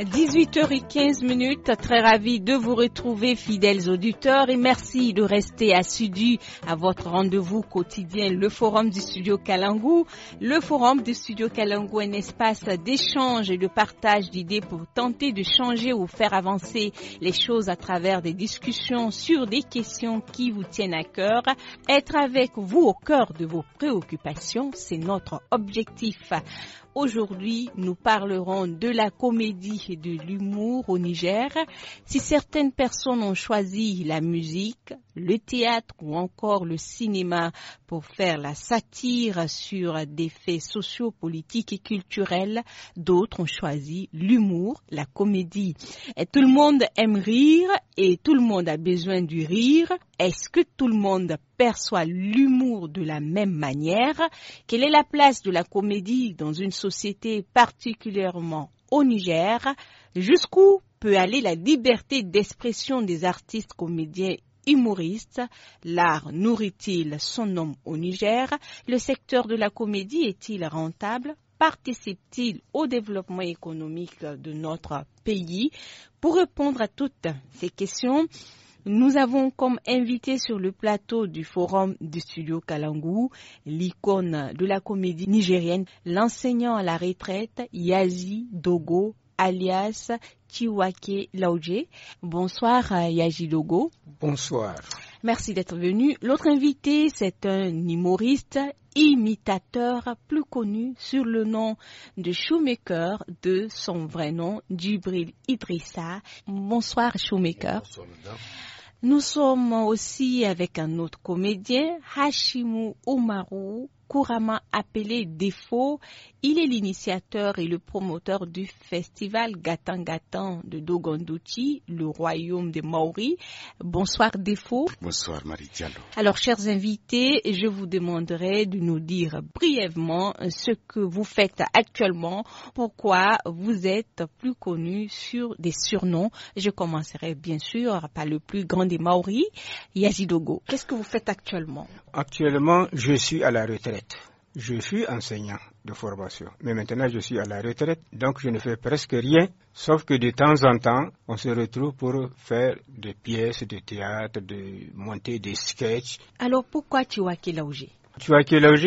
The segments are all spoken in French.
18h15 très ravi de vous retrouver fidèles auditeurs et merci de rester assidus à votre rendez-vous quotidien le forum du studio Kalangou. Le forum du studio Kalangou est un espace d'échange et de partage d'idées pour tenter de changer ou faire avancer les choses à travers des discussions sur des questions qui vous tiennent à cœur. Être avec vous au cœur de vos préoccupations, c'est notre objectif. Aujourd'hui, nous parlerons de la comédie et de l'humour au Niger. Si certaines personnes ont choisi la musique, le théâtre ou encore le cinéma pour faire la satire sur des faits sociaux, politiques et culturels, d'autres ont choisi l'humour, la comédie. Et tout le monde aime rire et tout le monde a besoin du rire. Est-ce que tout le monde perçoit l'humour de la même manière Quelle est la place de la comédie dans une société particulièrement au Niger Jusqu'où peut aller la liberté d'expression des artistes comédiens humoristes L'art nourrit-il son nom au Niger Le secteur de la comédie est-il rentable Participe-t-il au développement économique de notre pays Pour répondre à toutes ces questions, nous avons comme invité sur le plateau du forum du studio Kalangou l'icône de la comédie nigérienne, l'enseignant à la retraite Yazi Dogo alias Chiwake Laoje. Bonsoir euh, Yazi Dogo. Bonsoir. Merci d'être venu. L'autre invité, c'est un humoriste, imitateur, plus connu sur le nom de Shoemaker, de son vrai nom, Djibril Idrissa. Bonsoir Shoemaker. Bonsoir madame. Nous sommes aussi avec un autre comédien, Hashimu Omaru couramment appelé défaut. Il est l'initiateur et le promoteur du festival Gatan Gatan de Dogonduti, le royaume des Maoris. Bonsoir défaut. Bonsoir Marie Diallo. Alors chers invités, je vous demanderai de nous dire brièvement ce que vous faites actuellement, pourquoi vous êtes plus connu sur des surnoms. Je commencerai bien sûr par le plus grand des Maoris, Yazidogo. Qu'est-ce que vous faites actuellement Actuellement, je suis à la retraite. Je suis enseignant de formation, mais maintenant je suis à la retraite, donc je ne fais presque rien, sauf que de temps en temps, on se retrouve pour faire des pièces de théâtre, de monter des sketchs. Alors pourquoi tu as Kilaougé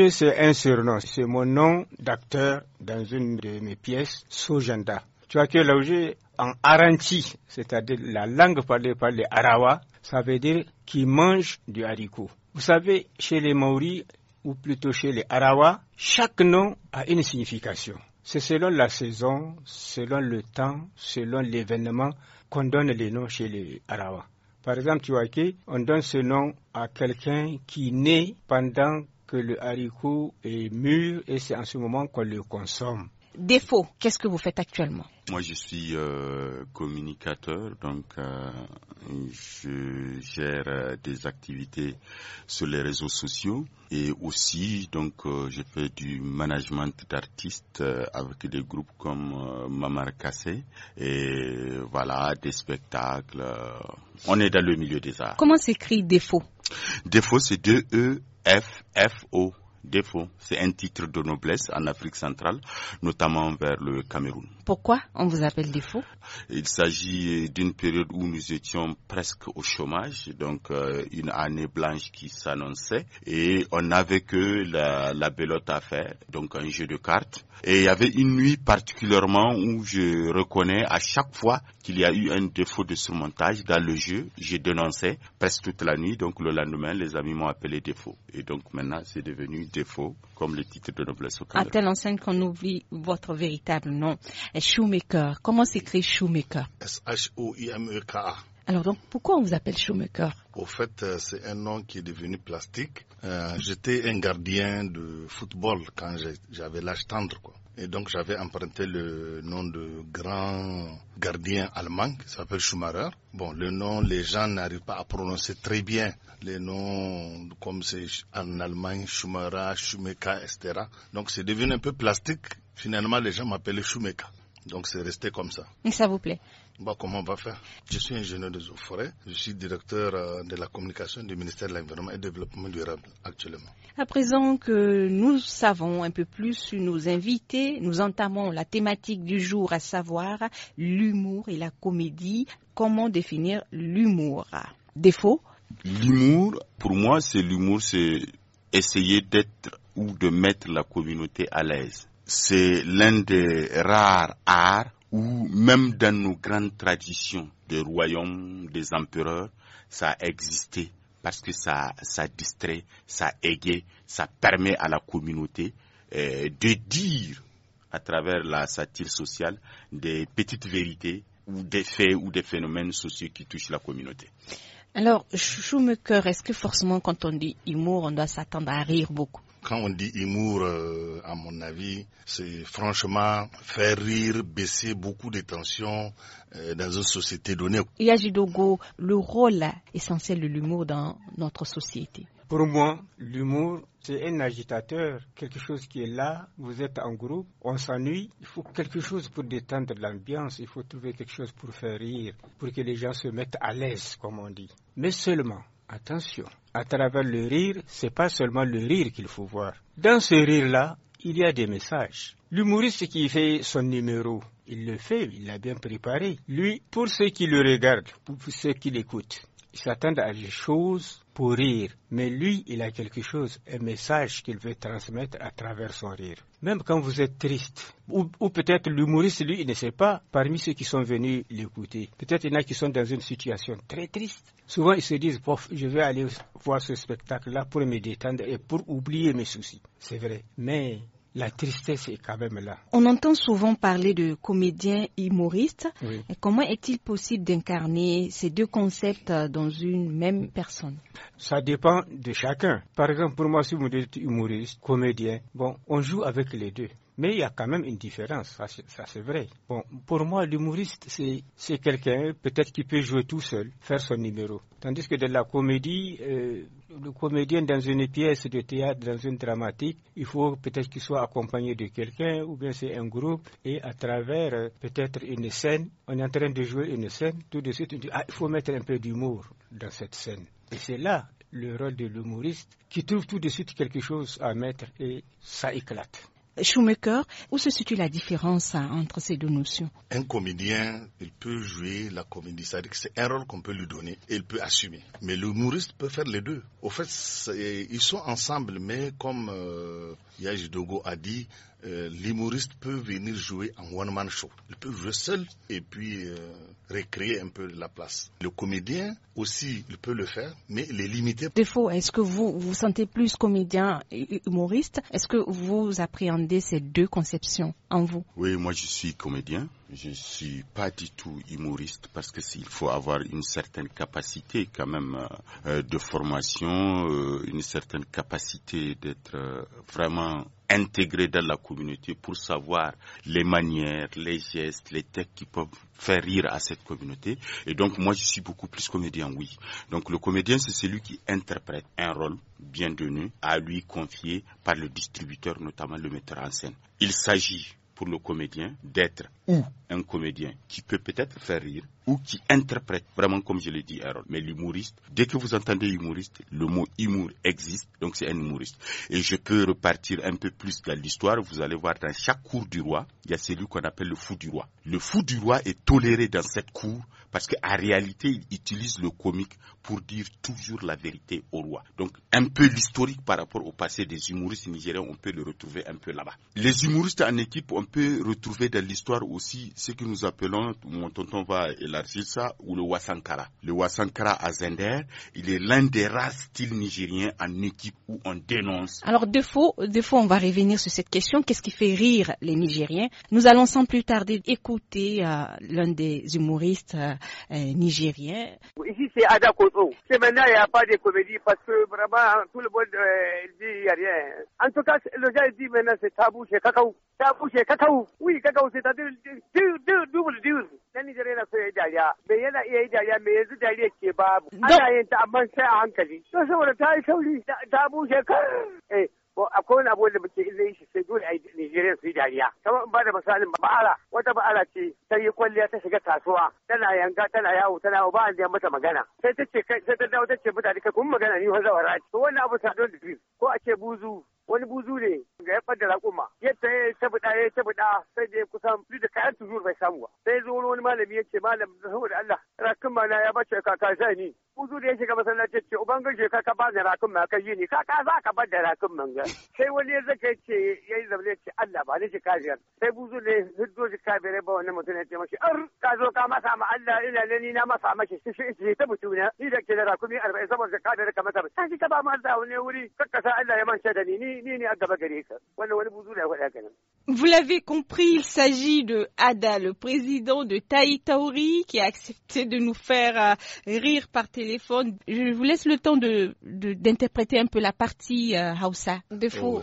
c'est un surnom. C'est mon nom d'acteur dans une de mes pièces, Sojanda. Tuakelaugé, en Aranti, c'est-à-dire la langue parlée par les Arawa, ça veut dire qui mange du haricot. Vous savez, chez les Maoris, ou plutôt chez les Arawa, chaque nom a une signification. C'est selon la saison, selon le temps, selon l'événement qu'on donne les noms chez les Arawa. Par exemple, tu vois que on donne ce nom à quelqu'un qui naît pendant que le haricot est mûr et c'est en ce moment qu'on le consomme défaut, qu'est-ce que vous faites actuellement Moi, je suis euh, communicateur, donc euh, je gère euh, des activités sur les réseaux sociaux et aussi, donc, je fais du management d'artistes avec des groupes comme Mamar Kassé et voilà, des spectacles. on est dans le milieu des arts. Comment s'écrit défaut Défaut, c'est D-E-F-F-O défaut. C'est un titre de noblesse en Afrique centrale, notamment vers le Cameroun. Pourquoi on vous appelle défaut Il s'agit d'une période où nous étions presque au chômage, donc euh, une année blanche qui s'annonçait et on n'avait que la, la belote à faire, donc un jeu de cartes. Et il y avait une nuit particulièrement où je reconnais à chaque fois qu'il y a eu un défaut de surmontage dans le jeu, J'ai dénoncé presque toute la nuit, donc le lendemain les amis m'ont appelé défaut. Et donc maintenant c'est devenu défaut, comme le titre de noblesse au À telle enceinte qu'on oublie votre véritable nom. Shoemaker. Comment s'écrit Shoemaker S-H-O-I-M-E-K-A. Alors donc, pourquoi on vous appelle Shoemaker Au fait, euh, c'est un nom qui est devenu plastique. Euh, j'étais un gardien de football quand j'avais l'âge tendre. Quoi. Et donc, j'avais emprunté le nom de grand gardien allemand qui s'appelle Schumacher. Bon, le nom, les gens n'arrivent pas à prononcer très bien. Les noms, comme c'est en Allemagne, Schumacher, Schumacher, etc. Donc, c'est devenu un peu plastique. Finalement, les gens m'appelaient Schumeka. Donc c'est resté comme ça. Et ça vous plaît Comment on va faire Je suis ingénieur de eaux Je suis directeur euh, de la communication du ministère de l'Environnement et du Développement durable actuellement. À présent que nous savons un peu plus sur nos invités, nous entamons la thématique du jour, à savoir l'humour et la comédie. Comment définir l'humour Défaut L'humour, pour moi, c'est l'humour, c'est essayer d'être ou de mettre la communauté à l'aise c'est l'un des rares arts où même dans nos grandes traditions de royaumes, des empereurs, ça a existé parce que ça, ça distrait, ça égaye, ça permet à la communauté euh, de dire à travers la satire sociale des petites vérités ou des faits ou des phénomènes sociaux qui touchent la communauté. Alors, cœur, est-ce que forcément quand on dit humour, on doit s'attendre à rire beaucoup quand on dit humour, euh, à mon avis, c'est franchement faire rire, baisser beaucoup de tensions euh, dans une société donnée. Yajidogo, le rôle essentiel de l'humour dans notre société. Pour moi, l'humour, c'est un agitateur, quelque chose qui est là, vous êtes en groupe, on s'ennuie, il faut quelque chose pour détendre l'ambiance, il faut trouver quelque chose pour faire rire, pour que les gens se mettent à l'aise, comme on dit. Mais seulement, Attention, à travers le rire, c'est pas seulement le rire qu'il faut voir. Dans ce rire-là, il y a des messages. L'humoriste qui fait son numéro, il le fait, il l'a bien préparé. Lui, pour ceux qui le regardent, pour ceux qui l'écoutent, ils s'attendent à des choses pour rire. Mais lui, il a quelque chose, un message qu'il veut transmettre à travers son rire. Même quand vous êtes triste, ou, peut-être l'humoriste, lui, il ne sait pas, parmi ceux qui sont venus l'écouter, peut-être il y en a qui sont dans une situation très triste. Souvent, ils se disent, je vais aller voir ce spectacle-là pour me détendre et pour oublier mes soucis. C'est vrai. Mais la tristesse est quand même là. On entend souvent parler de comédien humoriste. comment est-il possible d'incarner ces deux concepts euh, dans une même personne Ça dépend de chacun. Par exemple, pour moi, si vous me dites humoriste, comédien, bon, on joue avec les deux. Mais il y a quand même une différence, ça, c'est vrai. Bon, pour moi, l'humoriste, c'est quelqu'un peut-être qui peut jouer tout seul, faire son numéro. Tandis que de la comédie, euh, le comédien dans une pièce de théâtre, dans une dramatique, il faut peut-être qu'il soit accompagné de quelqu'un ou bien c'est un groupe et à travers euh, peut-être une scène, on est en train de jouer une scène, tout de suite ah, il faut mettre un peu d'humour dans cette scène. Et c'est là le rôle de l'humoriste qui trouve tout de suite quelque chose à mettre et ça éclate. Shoemaker, où se situe la différence hein, entre ces deux notions Un comédien, il peut jouer la comédie, c'est-à-dire que c'est un rôle qu'on peut lui donner et il peut assumer. Mais l'humoriste peut faire les deux. Au fait, ils sont ensemble, mais comme euh, Yajidogo Dogo a dit, euh, l'humoriste peut venir jouer en one-man show. Il peut jouer seul et puis euh, recréer un peu la place. Le comédien aussi, il peut le faire, mais il est limité. Défaut, est-ce que vous vous sentez plus comédien et humoriste Est-ce que vous appréhendez ces deux conceptions en vous Oui, moi je suis comédien je ne suis pas du tout humoriste parce que s'il faut avoir une certaine capacité quand même euh, euh, de formation, euh, une certaine capacité d'être vraiment intégré dans la communauté pour savoir les manières, les gestes, les textes qui peuvent faire rire à cette communauté. Et donc moi je suis beaucoup plus comédien, oui. Donc le comédien c'est celui qui interprète un rôle bien donné à lui confié par le distributeur, notamment le metteur en scène. Il s'agit pour le comédien d'être ou un comédien qui peut peut-être faire rire ou qui interprète, vraiment comme je l'ai dit Harold. Mais l'humoriste, dès que vous entendez humoriste, le mot humour existe, donc c'est un humoriste. Et je peux repartir un peu plus dans l'histoire, vous allez voir dans chaque cour du roi, il y a celui qu'on appelle le fou du roi. Le fou du roi est toléré dans cette cour parce qu'en réalité, il utilise le comique pour dire toujours la vérité au roi. Donc un peu l'historique par rapport au passé des humoristes nigériens, on peut le retrouver un peu là-bas. Les humoristes en équipe, on peut retrouver dans l'histoire où aussi ce que nous appelons, mon tonton va élargir ça, ou le Wasankara. Le Wasankara à Zender, il est l'un des rares styles nigériens en équipe où on dénonce. Alors, deux fois, deux fois on va revenir sur cette question. Qu'est-ce qui fait rire les Nigériens Nous allons sans plus tarder écouter euh, l'un des humoristes euh, euh, nigériens. Ici, c'est Ada Koto. C'est maintenant, il n'y a pas de comédie parce que vraiment, tout le monde dit n'y a rien. En tout cas, le gars dit maintenant, c'est tabou c'est cacao. Tabou c'est cacao. Oui, cacao, cest à dubu dubu na Nijar yana so ya yi dariya me yana iya yi dariya me yanzu dariya ke babu ana yin ta amma sai a hankali to saboda ta yi sauri ta bushe kar eh akwai wani abu da muke izini shi sai dole a yi Nijeriya su yi dariya. Kamar ba da misalin ba'ala wata ba'ala ce ta yi kwalliya ta shiga kasuwa tana yanga tana yawo tana yawo ba a biya mata magana. Sai ta ce sai ta dawo ta ce mutane kai kun magana ni fa zawara ce. To wannan abu sa don ko a ce buzu wani buzu ne ga ya fadda raƙuma yadda ya tabuɗa ya tabuɗa sai da ya kusan fi da kayan tuzur bai samu ba sai zo wani malami ya ce malam saboda Allah raƙuma na ya bace kaka sai ni buzu da ya shiga masallaci ce ubangiji ka ka bani rakun ma ka yi ni ka ka za ka bar da rakun man ga sai wani ya zaka ce yayi zabne ce Allah ba ni shi biyar sai buzu ne hiddo jika biyar ba wannan mutum ya ce mashi ar ka zo ka masa ma Allah ila ne ni na masa mashi shi shi ta mutuna ni da ke da rakumi 40 saboda jika ka masa ta shi ka ba mu Allah wani wuri kakka sa Allah ya manta da ni ni ni ne a gaba gare ka wannan wani buzu da ya faɗa kana Vous l'avez compris, il s'agit de Ada, le président de Taï qui a accepté de nous faire euh, rire par téléphone je vous laisse le temps d'interpréter un peu la partie euh, Hausa. Oh.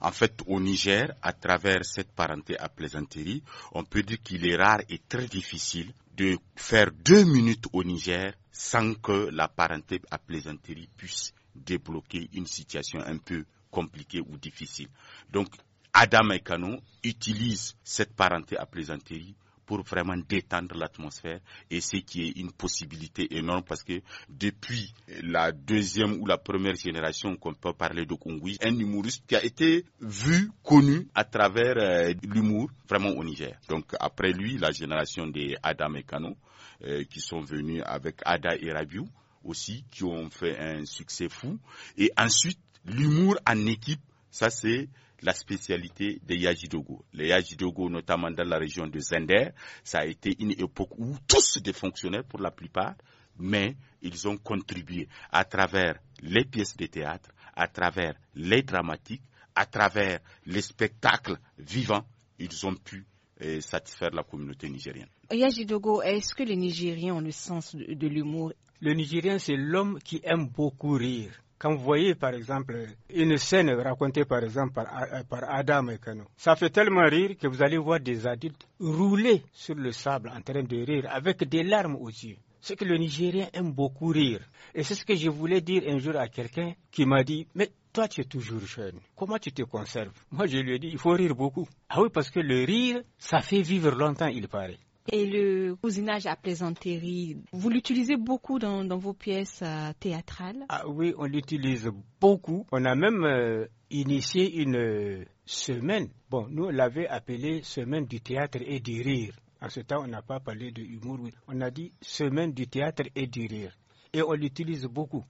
En fait, au Niger, à travers cette parenté à plaisanterie, on peut dire qu'il est rare et très difficile de faire deux minutes au Niger sans que la parenté à plaisanterie puisse débloquer une situation un peu compliquée ou difficile. Donc, Adam Ekano utilise cette parenté à plaisanterie pour vraiment détendre l'atmosphère et ce qui est une possibilité énorme parce que depuis la deuxième ou la première génération qu'on peut parler de Kungui, un humoriste qui a été vu, connu à travers euh, l'humour vraiment au Niger. Donc après lui, la génération des Adam et Kano euh, qui sont venus avec Ada et Rabiou aussi qui ont fait un succès fou et ensuite l'humour en équipe ça, c'est la spécialité des Yajidogo. Les Yajidogo, notamment dans la région de Zender, ça a été une époque où tous des fonctionnaires pour la plupart, mais ils ont contribué à travers les pièces de théâtre, à travers les dramatiques, à travers les spectacles vivants, ils ont pu euh, satisfaire la communauté nigérienne. Yajidogo, est-ce que les Nigériens ont le sens de l'humour Le Nigérien, c'est l'homme qui aime beaucoup rire. Quand vous voyez, par exemple, une scène racontée, par exemple, par, euh, Adam et Kano, ça fait tellement rire que vous allez voir des adultes rouler sur le sable en train de rire avec des larmes aux yeux c'est que le Nigérien aime beaucoup rire. Et c'est ce que je voulais dire un jour à quelqu'un qui m'a dit, mais toi tu es toujours jeune, comment tu te conserves Moi je lui ai dit, il faut rire beaucoup. Ah oui, parce que le rire, ça fait vivre longtemps, il paraît. Et le cousinage à plaisanterie, vous l'utilisez beaucoup dans, vos pièces euh, théâtrales Ah oui, on l'utilise beaucoup. On a même euh, initié une euh, semaine. Bon, nous, on l'avait appelée semaine du théâtre et du rire. À ce temps, on n'a pas parlé de humour. On a dit semaine du théâtre et du rire. Et on l'utilise beaucoup.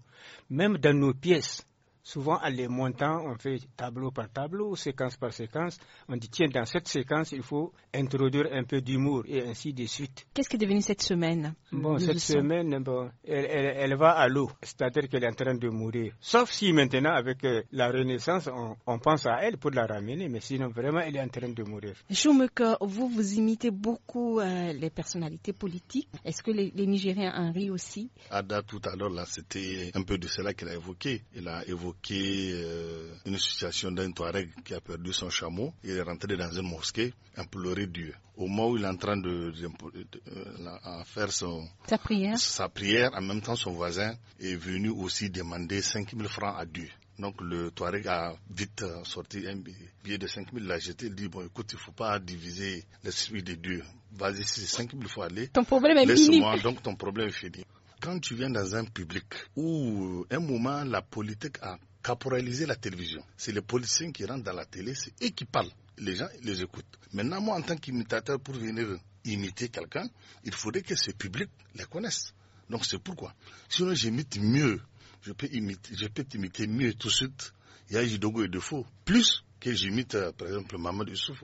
Même dans nos pièces, Souvent, en les montant, on fait tableau par tableau, séquence par séquence. On dit, tiens, dans cette séquence, il faut introduire un peu d'humour et ainsi de suite. Qu'est-ce qui est devenu cette semaine Bon, cette semaine, elle, elle, elle, va à l'eau, c'est-à-dire qu'elle est en train de mourir. Sauf si maintenant, avec euh, la Renaissance, on, pense à elle pour la ramener, mais sinon, vraiment, elle est en train de mourir. Choumeka, vous, vous imitez beaucoup euh, les personnalités politiques. Est-ce que les, Nigériens en rient aussi Ada, tout à l'heure, là, c'était un peu de cela qu'elle a évoqué. a évoqué qui est euh, une situation d'un Touareg qui a perdu son chameau. Il est rentré dans une mosquée, implorer Dieu. Au moment où il est en train de, euh, faire son, sa, prière. sa prière, en même temps son voisin est venu aussi demander 5000 francs à Dieu. Donc le Touareg a vite euh, sorti un billet de 5 000, l'a jeté, il dit, bon écoute, il ne faut pas diviser l'esprit de Dieu. Vas-y, c'est 5 000, il faut aller. Ton problème est fini. donc ton problème est fini quand tu viens dans un public où, euh, un moment, la politique a caporalisé la télévision, c'est les politiciens qui rentrent dans la télé, c'est qui parlent. Les gens les écoutent. Maintenant, moi, en tant qu'imitateur, pour venir imiter quelqu'un, il faudrait que ce public les connaisse. Donc, c'est pourquoi. Sinon, j'imite mieux. Je peux imiter, je peux t'imiter mieux tout de suite. Il y a Jidogo et faux. Plus, que euh,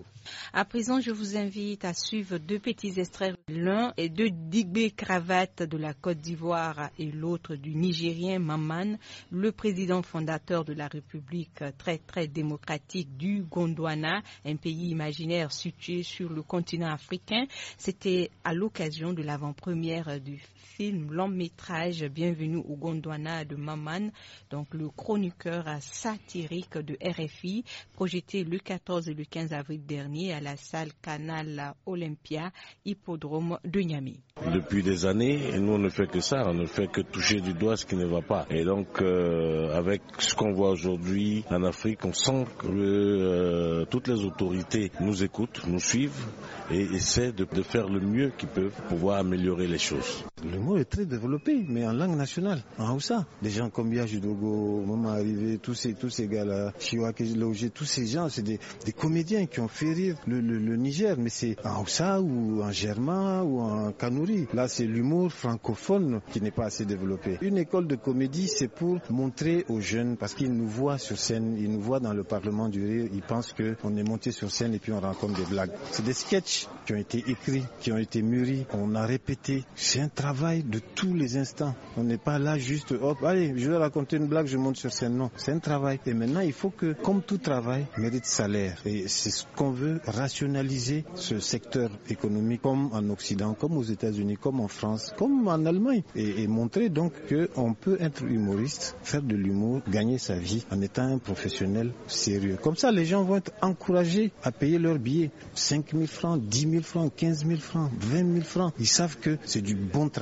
À présent, je vous invite à suivre deux petits extraits, l'un est de Digbe Cravate de la Côte d'Ivoire et l'autre du Nigérien Maman, le président fondateur de la République très très démocratique du Gondwana, un pays imaginaire situé sur le continent africain. C'était à l'occasion de l'avant-première du film long métrage Bienvenue au Gondwana de Maman, donc le chroniqueur satirique de RFI. J'étais le 14 et le 15 avril dernier à la salle Canal Olympia, hippodrome de Niamey. Depuis des années, nous on ne fait que ça, on ne fait que toucher du doigt ce qui ne va pas. Et donc, euh, avec ce qu'on voit aujourd'hui en Afrique, on sent que euh, toutes les autorités nous écoutent, nous suivent et essaient de, de faire le mieux qu'ils peuvent pour pouvoir améliorer les choses. Le mot est très développé, mais en langue nationale, en Hausa. Des gens comme Yajidogo, Maman Arrivé, tous ces, tous ces gars-là, Chiwake Logé, tous ces gens, c'est des, des, comédiens qui ont fait rire le, le, le Niger, mais c'est en Hausa ou en Germain ou en Kanouri. Là, c'est l'humour francophone qui n'est pas assez développé. Une école de comédie, c'est pour montrer aux jeunes, parce qu'ils nous voient sur scène, ils nous voient dans le Parlement du Rire, ils pensent qu'on est monté sur scène et puis on rencontre des blagues. C'est des sketchs qui ont été écrits, qui ont été mûris, on a répété. C'est travail de tous les instants. On n'est pas là juste, hop, allez, je vais raconter une blague, je monte sur scène. Non, c'est un travail. Et maintenant, il faut que, comme tout travail, mérite salaire. Et c'est ce qu'on veut rationaliser ce secteur économique, comme en Occident, comme aux États-Unis, comme en France, comme en Allemagne. Et, montrer donc qu'on peut être humoriste, faire de l'humour, gagner sa vie en étant un professionnel sérieux. Comme ça, les gens vont être encouragés à payer leurs billets. 5 000 francs, 10 000 francs, 15 000 francs, 20 000 francs. Ils savent que c'est du bon travail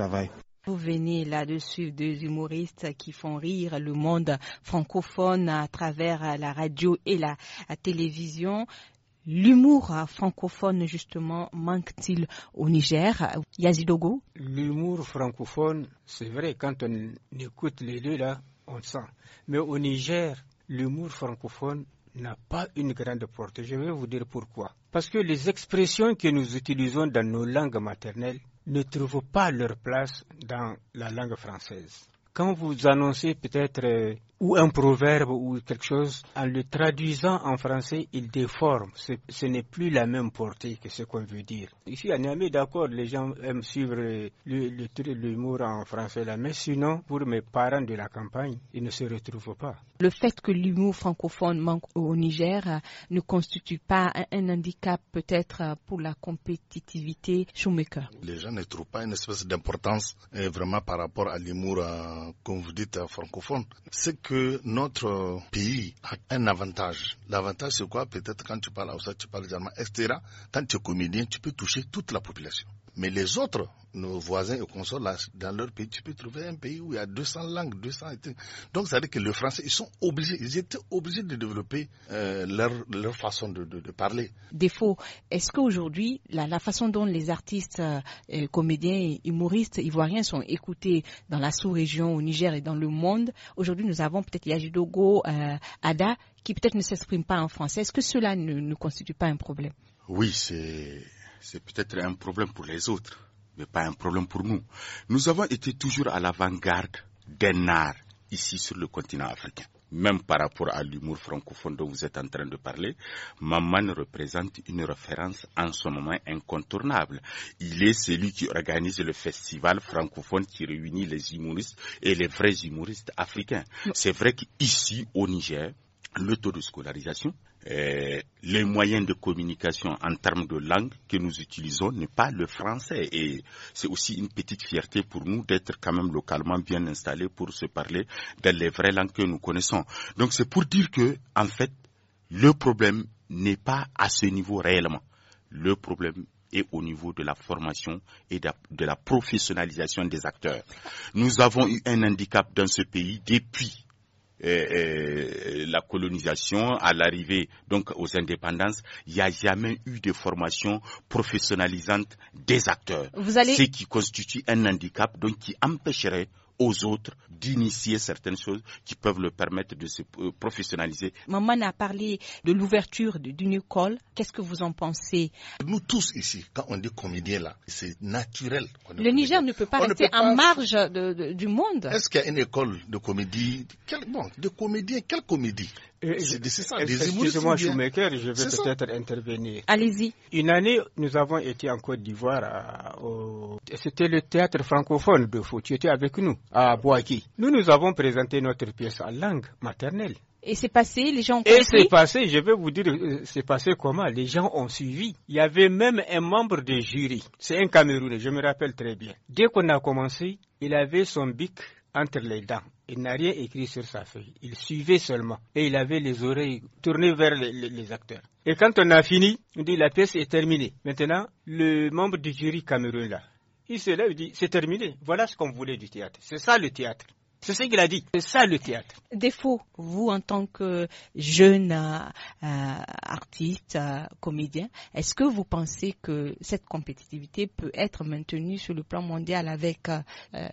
vous venez là-dessus des humoristes qui font rire le monde francophone à travers la radio et la, télévision. L'humour francophone, justement, manque-t-il au Niger Yazidogo L'humour francophone, c'est vrai, quand on écoute les deux là, on sent. Mais au Niger, l'humour francophone n'a pas une grande portée. Je vais vous dire pourquoi. Parce que les expressions que nous utilisons dans nos langues maternelles, ne trouvent pas leur place dans la langue française. Quand vous annoncez peut-être euh, ou un proverbe ou quelque chose, en le traduisant en français, il déforme. Ce n'est plus la même portée que ce qu'on veut dire. Ici, à est d'accord, les gens aiment suivre l'humour en français là, mais sinon, pour mes parents de la campagne, ils ne se retrouvent pas. Le fait que l'humour francophone manque au Niger euh, ne constitue pas un, handicap peut-être euh, pour la compétitivité Shoemaker. Les gens ne trouvent pas une espèce d'importance euh, vraiment par rapport à l'humour, comme vous dites, francophone que notre pays a un avantage. L'avantage, c'est quoi Peut-être quand tu parles à ça, tu parles allemand, etc. Quand tu es comédien, tu peux toucher toute la population. Mais les autres, nos voisins et consorts, dans leur pays, tu peux trouver un pays où il y a 200 langues, 200... Donc, ça veut dire que le français, ils sont obligés, ils étaient obligés de développer euh, leur, façon de, parler. Défaut, est-ce qu'aujourd'hui, la, façon dont les artistes, euh, euh, comédiens humoristes ivoiriens sont écoutés dans la sous-région, au Niger et dans le monde, aujourd'hui, nous avons peut-être Yajidogo, Ada, qui peut-être ne s'exprime pas en français. Est-ce que cela ne constitue pas un problème Oui, c'est c'est peut-être un problème pour les autres, mais pas un problème pour nous. Nous avons été toujours à l'avant-garde des art ici sur le continent africain. Même par rapport à l'humour francophone dont vous êtes en train de parler, Maman représente une référence en ce moment incontournable. Il est celui qui organise le festival francophone qui réunit les humoristes et les vrais humoristes africains. C'est vrai qu'ici, au Niger, le taux de scolarisation. Euh, les moyens de communication en termes de langue que nous utilisons n'est pas le français. Et c'est aussi une petite fierté pour nous d'être quand même localement bien installés pour se parler dans les vraies langues que nous connaissons. Donc c'est pour dire que, en fait, le problème n'est pas à ce niveau réellement. Le problème est au niveau de la formation et de la professionnalisation des acteurs. Nous avons eu un handicap dans ce pays depuis euh, euh, la colonisation, à l'arrivée donc aux indépendances, il n'y a jamais eu de formation professionnalisante des acteurs. Ce qui constitue un handicap donc qui empêcherait aux autres d'initier certaines choses qui peuvent leur permettre de se euh, professionnaliser. Maman a parlé de l'ouverture d'une école. Qu'est-ce que vous en pensez Nous tous ici, quand on dit comédien là, c'est naturel. Le Niger ne peut pas rester en marge du monde. Est-ce qu'il y a une école de comédie De comédien, quelle comédie Excusez-moi, Schumacher, je vais peut-être intervenir. Allez-y. Une année, nous avons été en Côte d'Ivoire. Euh, au... C'était le théâtre francophone de Faux. Tu étais avec nous à Boaki. Nous, nous avons présenté notre pièce en langue maternelle. Et c'est passé, les gens ont compris. Et c'est passé, je vais vous dire, euh, c'est passé comment Les gens ont suivi. Il y avait même un membre de jury. C'est un Camerounais, je me rappelle très bien. Dès qu'on a commencé, il avait son bic entre les dents. Il n'a rien écrit sur sa feuille. Il suivait seulement et il avait les oreilles tournées vers les, acteurs. Et quand on a fini, on dit la pièce est terminée. Maintenant, le membre du jury cameroun là, il se lève et dit c'est terminé. Voilà ce qu'on voulait du théâtre. C'est ça le théâtre. C'est ce qu'il a dit. C'est ça le théâtre. Défaut, vous en tant que jeune euh, euh, artiste, euh, comédien, est-ce que vous pensez que cette compétitivité peut être maintenue sur le plan mondial avec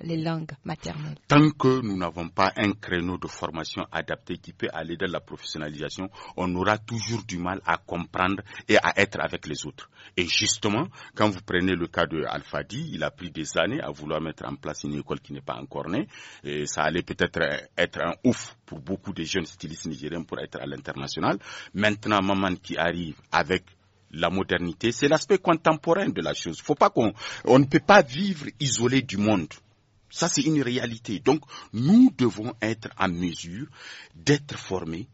les langues maternelles Tant que nous n'avons pas un créneau de formation adapté qui peut aller dans la professionnalisation, on aura toujours du mal à comprendre et à être avec les autres. Et justement, quand vous prenez le cas de Alfadi, il a pris des années à vouloir mettre en place une école qui n'est pas encore née ça allait peut-être être un ouf pour beaucoup de jeunes stylistes nigériens pour être à l'international. Maintenant, Maman qui arrive avec la modernité, c'est l'aspect contemporain de la chose. Faut pas qu'on, on ne peut pas vivre isolé du monde. Ça, c'est une réalité. Donc, nous devons être en mesure d'être formés,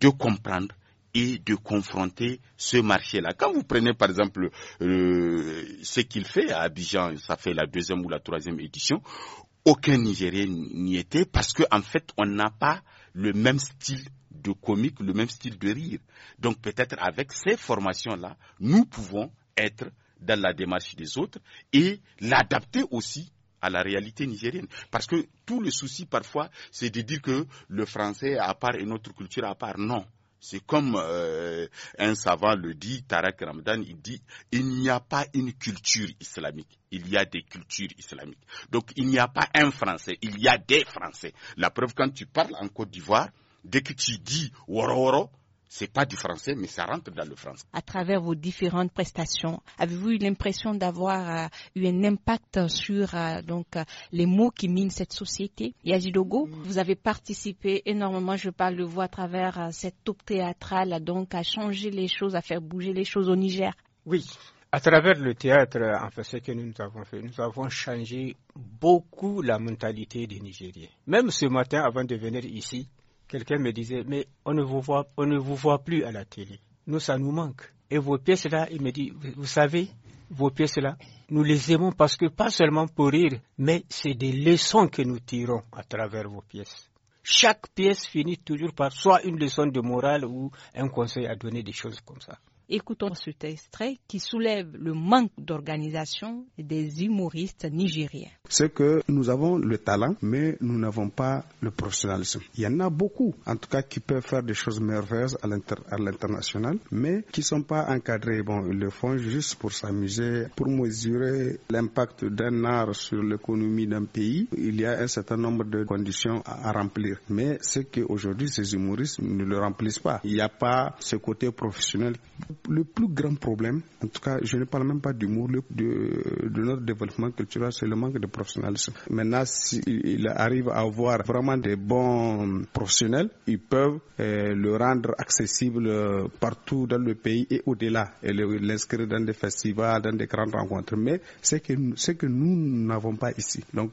de comprendre et de confronter ce marché-là. Quand vous prenez par exemple euh, ce qu'il fait à Abidjan, ça fait la deuxième ou la troisième édition, aucun Nigérien n'y était parce qu'en en fait, on n'a pas le même style de comique, le même style de rire. Donc peut-être avec ces formations-là, nous pouvons être dans la démarche des autres et l'adapter aussi à la réalité nigérienne. Parce que tout le souci parfois, c'est de dire que le français à part et notre culture à part. Non. C'est comme euh, un savant le dit, Tarek Ramadan, il dit, il n'y a pas une culture islamique, il y a des cultures islamiques. Donc il n'y a pas un Français, il y a des Français. La preuve, quand tu parles en Côte d'Ivoire, dès que tu dis Woro n'est pas du français, mais ça rentre dans le français. À travers vos différentes prestations, avez-vous eu l'impression d'avoir euh, eu un impact sur euh, donc euh, les mots qui minent cette société Yazidogo, mm. vous avez participé énormément, je parle de vous à travers cette taupe théâtrale, donc à changer les choses, à faire bouger les choses au Niger. Oui, à travers le théâtre, en fait, ce que nous avons fait, nous avons changé beaucoup la mentalité des Nigériens. Même ce matin, avant de venir ici, Quelqu'un me disait, mais on ne, vous voit, on ne vous voit plus à la télé. Nous, ça nous manque. Et vos pièces-là, il me dit, vous savez, vos pièces-là, nous les aimons parce que pas seulement pour rire, mais c'est des leçons que nous tirons à travers vos pièces. Chaque pièce finit toujours par soit une leçon de morale ou un conseil à donner des choses comme ça. Écoutons ce extrait qui soulève le manque d'organisation des humoristes nigériens. C'est que nous avons le talent, mais nous n'avons pas le professionnalisme. Il y en a beaucoup, en tout cas, qui peuvent faire des choses merveilleuses à l'international, mais qui ne sont pas encadrés. Bon, ils le font juste pour s'amuser, pour mesurer l'impact d'un art sur l'économie d'un pays. Il y a un certain nombre de conditions à, à remplir. Mais c'est qu'aujourd'hui, ces humoristes ne le remplissent pas. Il n'y a pas ce côté professionnel le plus grand problème, en tout cas, je ne parle même pas d'humour, de, de notre développement culturel, c'est le manque de professionnalisme. Maintenant, s'il arrive à avoir vraiment des bons professionnels, ils peuvent euh, le rendre accessible euh, partout dans le pays et au-delà, et l'inscrire dans des festivals, dans des grandes rencontres. Mais c'est que, que nous n'avons pas ici. Donc,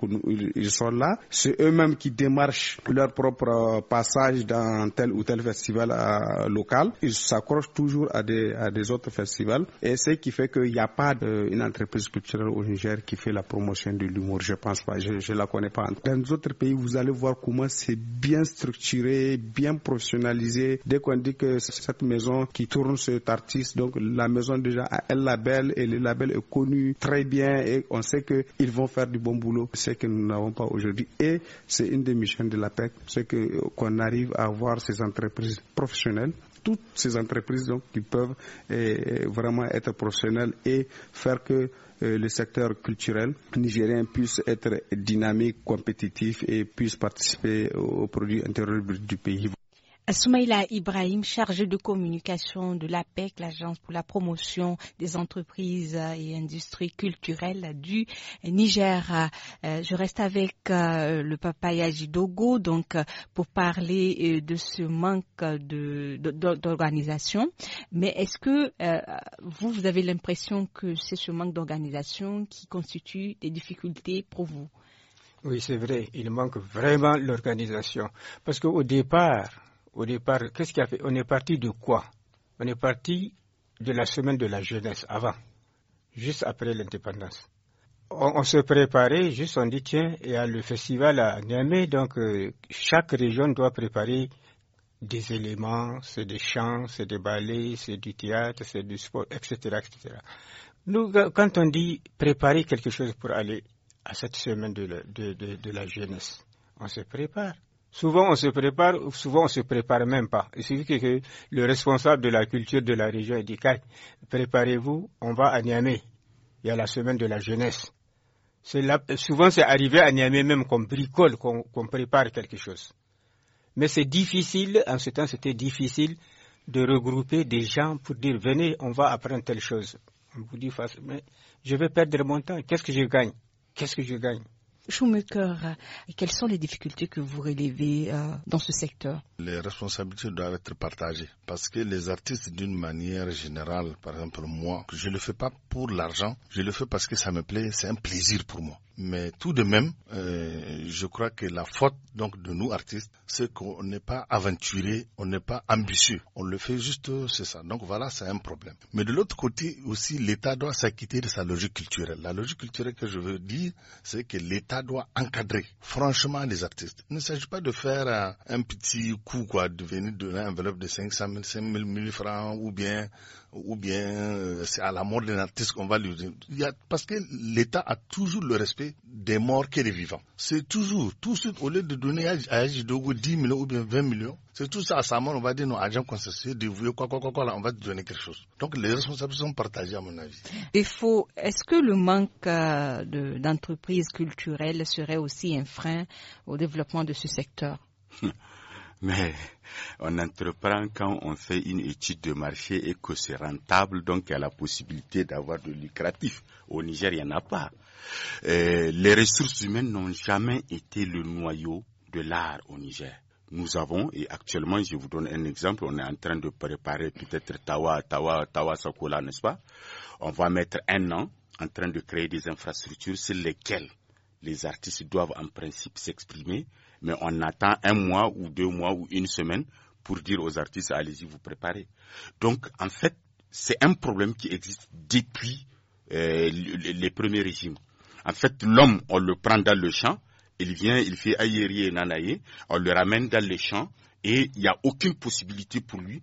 ils sont là, c'est eux-mêmes qui démarchent leur propre passage dans tel ou tel festival euh, local. Ils s'accrochent toujours à des à des autres festivals. Et ce qui fait qu'il n'y a pas une entreprise culturelle au Niger qui fait la promotion de l'humour. Je pense pas. Je ne la connais pas. Dans d'autres pays, vous allez voir comment c'est bien structuré, bien professionnalisé. Dès qu'on dit que c'est cette maison qui tourne cet artiste, donc la maison déjà a un label et le label est connu très bien et on sait qu'ils vont faire du bon boulot, ce que nous n'avons pas aujourd'hui. Et c'est une des missions de la PEC, c'est euh, qu'on arrive à avoir ces entreprises professionnelles toutes ces entreprises donc, qui peuvent eh, vraiment être professionnelles et faire que eh, le secteur culturel nigérien puisse être dynamique, compétitif et puisse participer aux produits intérieurs du pays. Euh, Soumaïla Ibrahim, chargée de communication de l'APEC, l'Agence pour la promotion des entreprises et industries culturelles du Niger. Euh, je reste avec euh, le papa Yaji Dogo donc, pour parler de ce manque d'organisation. Mais est-ce que vous, vous avez l'impression que c'est ce manque d'organisation qui constitue des difficultés pour vous oui, c'est vrai, il manque vraiment l'organisation. Parce qu'au départ, qu'est-ce a fait On est parti de quoi On est parti de la semaine de la jeunesse avant, juste après l'indépendance. On, se préparait, juste on dit tiens, il y a le festival à Niamey, donc euh, chaque région doit préparer des éléments, c'est des chants, c'est des ballets, c'est du théâtre, c'est du sport, etc., etc. Nous, euh, quand on dit préparer quelque chose pour aller à cette semaine de la jeunesse, on se prépare. Souvent on se prépare, souvent on se prépare même pas. Il suffit que, le responsable de la culture de la région ait dit préparez-vous, on va à Niamey. Il y a la semaine de la jeunesse. souvent c'est arrivé à Niamey même qu'on bricole, qu'on prépare quelque chose. Mais c'est difficile, en ce temps c'était difficile de regrouper des gens pour dire venez, on va apprendre telle chose. On vous dit je vais perdre mon temps, qu'est-ce que je gagne Qu'est-ce que je gagne et quelles sont les difficultés que vous relevez euh, dans ce secteur Les responsabilités doivent être partagées parce que les artistes, d'une manière générale, par exemple moi, je ne le fais pas pour l'argent, je le fais parce que ça me plaît, c'est un plaisir pour moi. Mais tout de même, euh, je crois que la faute donc de nous artistes, c'est qu'on n'est pas aventuré, on n'est pas ambitieux. On le fait juste, c'est ça. Donc voilà, c'est un problème. Mais de l'autre côté aussi, l'État doit s'acquitter de sa logique culturelle. La logique culturelle que je veux dire, c'est que l'État doit encadrer franchement les artistes. Il ne s'agit pas de faire euh, un, petit coup, quoi, de venir donner un enveloppe de 500 000, 000 francs ou bien ou bien euh, c'est à la mort d'un artiste qu'on va lui dire. parce que l'État a toujours le respect des morts et des vivants. C'est toujours, tout de suite, au lieu de donner à Ajidogo 10 millions ou bien 20 millions, c'est tout ça à sa mort, on va dire non, agent concessionnaire, dévoué, quoi, quoi, quoi, là, on va te donner quelque chose. Donc les responsabilités sont partagées à mon avis. faut est-ce que le manque euh, d'entreprises culturelles serait aussi un frein au développement de ce secteur Mais on entreprend quand on fait une étude de marché et que c'est rentable, donc il y a la possibilité d'avoir de lucratif. Au Niger, il n'y en a pas. Euh, les ressources humaines n'ont jamais été le noyau de l'art au Niger. Nous avons, et actuellement, je vous donne un exemple, on est en train de préparer peut-être Tawa, Tawa, Tawa Sokola, n'est-ce pas On va mettre un an en train de créer des infrastructures sur lesquelles les artistes doivent en principe s'exprimer, mais on attend un mois ou deux mois ou une semaine pour dire aux artistes, allez-y, vous préparez. Donc, en fait, c'est un problème qui existe depuis euh, les, premiers régimes. En fait, l'homme, on le prend dans le champ, il vient, il fait aïe-aïe et on le ramène dans le champ, et il n'y a aucune possibilité pour lui